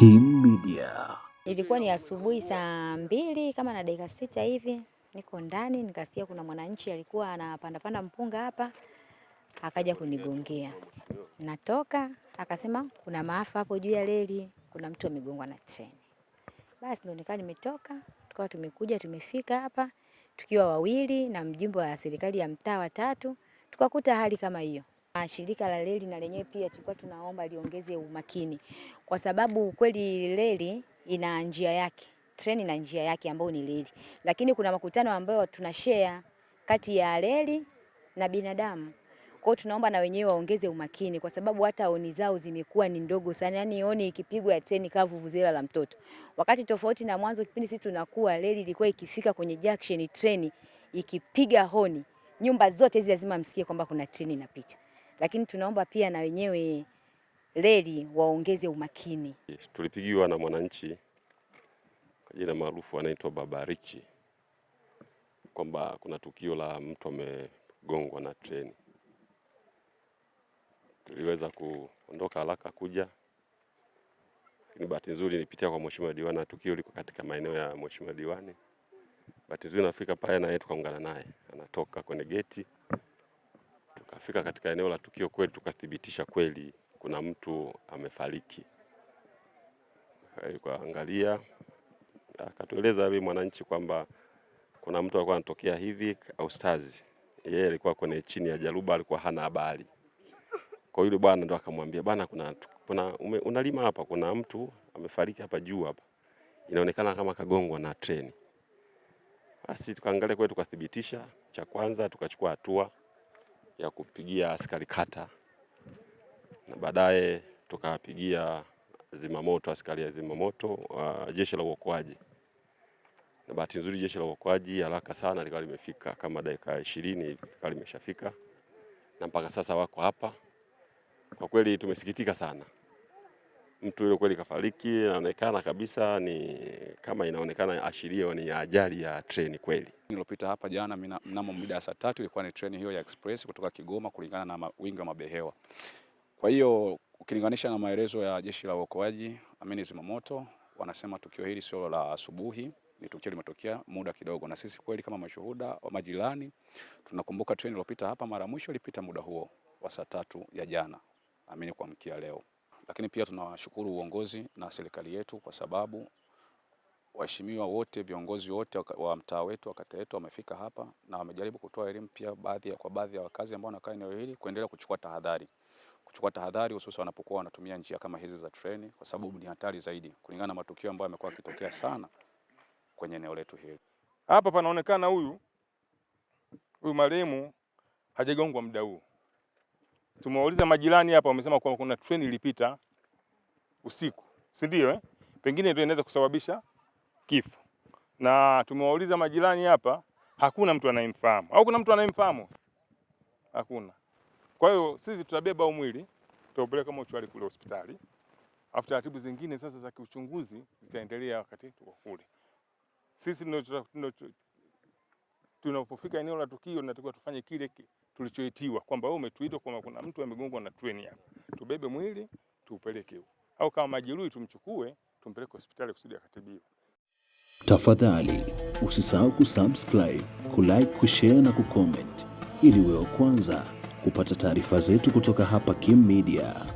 Kim Media. Ilikuwa ni asubuhi saa mbili kama na dakika sita hivi, niko ndani nikasikia kuna mwananchi alikuwa anapandapanda mpunga hapa, akaja kunigongea. Natoka akasema kuna maafa hapo juu ya reli, kuna mtu amegongwa na treni. Basi ndo nikaa nimetoka, tukawa tumekuja tumefika hapa tukiwa wawili na mjumbe wa serikali ya mtaa watatu, tukakuta hali kama hiyo. Ah, shirika la reli na lenyewe pia tulikuwa tunaomba liongeze umakini, kwa sababu kweli reli ina njia yake, treni na njia yake ambayo ni reli, lakini kuna makutano ambayo tunashare kati ya reli na binadamu. Kwa hiyo tunaomba na wenyewe waongeze umakini, kwa sababu hata oni zao zimekuwa ni ndogo sana, yaani oni ikipigwa ya treni kavu vuvuzela la mtoto, wakati tofauti na mwanzo kipindi sisi tunakuwa reli ilikuwa ikifika kwenye junction treni ikipiga honi, nyumba zote hizi lazima msikie kwamba kuna treni inapita lakini tunaomba pia na wenyewe reli waongeze umakini. Tulipigiwa na mwananchi kwa jina maarufu anaitwa Baba Richi kwamba kuna tukio la mtu amegongwa na treni. Tuliweza kuondoka haraka kuja, lakini bahati nzuri nilipitia kwa mheshimiwa diwani na tukio liko katika maeneo ya mheshimiwa diwani. Bahati nzuri nafika pale na tukaungana naye, anatoka kwenye geti Tukafika katika eneo la tukio kweli, tukathibitisha kweli kuna mtu amefariki. kaangalia akatueleza yule mwananchi kwamba kuna mtu alikuwa anatokea hivi au stazi, yeye alikuwa kwenye chini ya jaruba, alikuwa hana habari. Kwa yule bwana ndo akamwambia bwana, kuna, kuna ume, unalima hapa, kuna mtu amefariki hapa juu hapa, inaonekana kama kagongwa na treni. Basi tukaangalia kwetu, tukathibitisha cha kwanza, tukachukua hatua ya kupigia askari kata na baadaye tukapigia zimamoto, askari ya zimamoto uh, jeshi la uokoaji. Na bahati nzuri jeshi la uokoaji haraka sana likawa limefika, kama dakika ishirini likawa limeshafika na mpaka sasa wako hapa. Kwa kweli tumesikitika sana mtu yule kweli kafariki, inaonekana kabisa ni kama inaonekana ashirio ni ajali ya treni kweli. Nilopita hapa jana mnamo muda ya saa 3 ilikuwa ni treni hiyo ya express kutoka Kigoma kulingana na wingi wa mabehewa. Kwa hiyo ukilinganisha na maelezo ya jeshi la uokoaji amini zimamoto, wanasema tukio hili sio la asubuhi, ni tukio limetokea muda kidogo, na sisi kweli kama mashuhuda wa majirani tunakumbuka treni iliyopita hapa mara mwisho ilipita muda huo wa saa tatu ya jana amini kuamkia leo. Lakini pia tunawashukuru uongozi na serikali yetu kwa sababu waheshimiwa wote viongozi wote wa mtaa wetu wa kata yetu wamefika hapa na wamejaribu kutoa elimu pia baadhi kwa baadhi ya wakazi ambao wanakaa eneo hili kuendelea kuchukua tahadhari kuchukua tahadhari hususan wanapokuwa wanatumia njia kama hizi za treni, kwa sababu ni hatari zaidi kulingana na matukio ambayo yamekuwa yakitokea sana kwenye eneo letu hili. Hapa panaonekana huyu huyu marehemu hajagongwa muda huu, tumewauliza majirani hapa, wamesema kwamba kuna treni ilipita usiku, si ndio? Eh, pengine ndio inaweza kusababisha kifo. Na tumewauliza majirani hapa, hakuna mtu anayemfahamu au kuna mtu anayemfahamu? Hakuna. Kwa hiyo sisi tutabeba huu mwili tutaupeleka mochwari kule hospitali, afu taratibu zingine sasa za kiuchunguzi zitaendelea wakati tuko kule. Sisi tunapofika eneo la tukio, tunatakiwa tufanye kile tulichoitiwa kwamba wewe umetuitwa kwamba kuna mtu amegongwa na treni hapa, tubebe mwili tuupeleke huko, au kama majeruhi tumchukue tumpeleke hospitali kusudi akatibiwe. Tafadhali usisahau kusubscribe, kulike, kushare na kucomment ili wewe kwanza kupata taarifa zetu kutoka hapa Kim Media.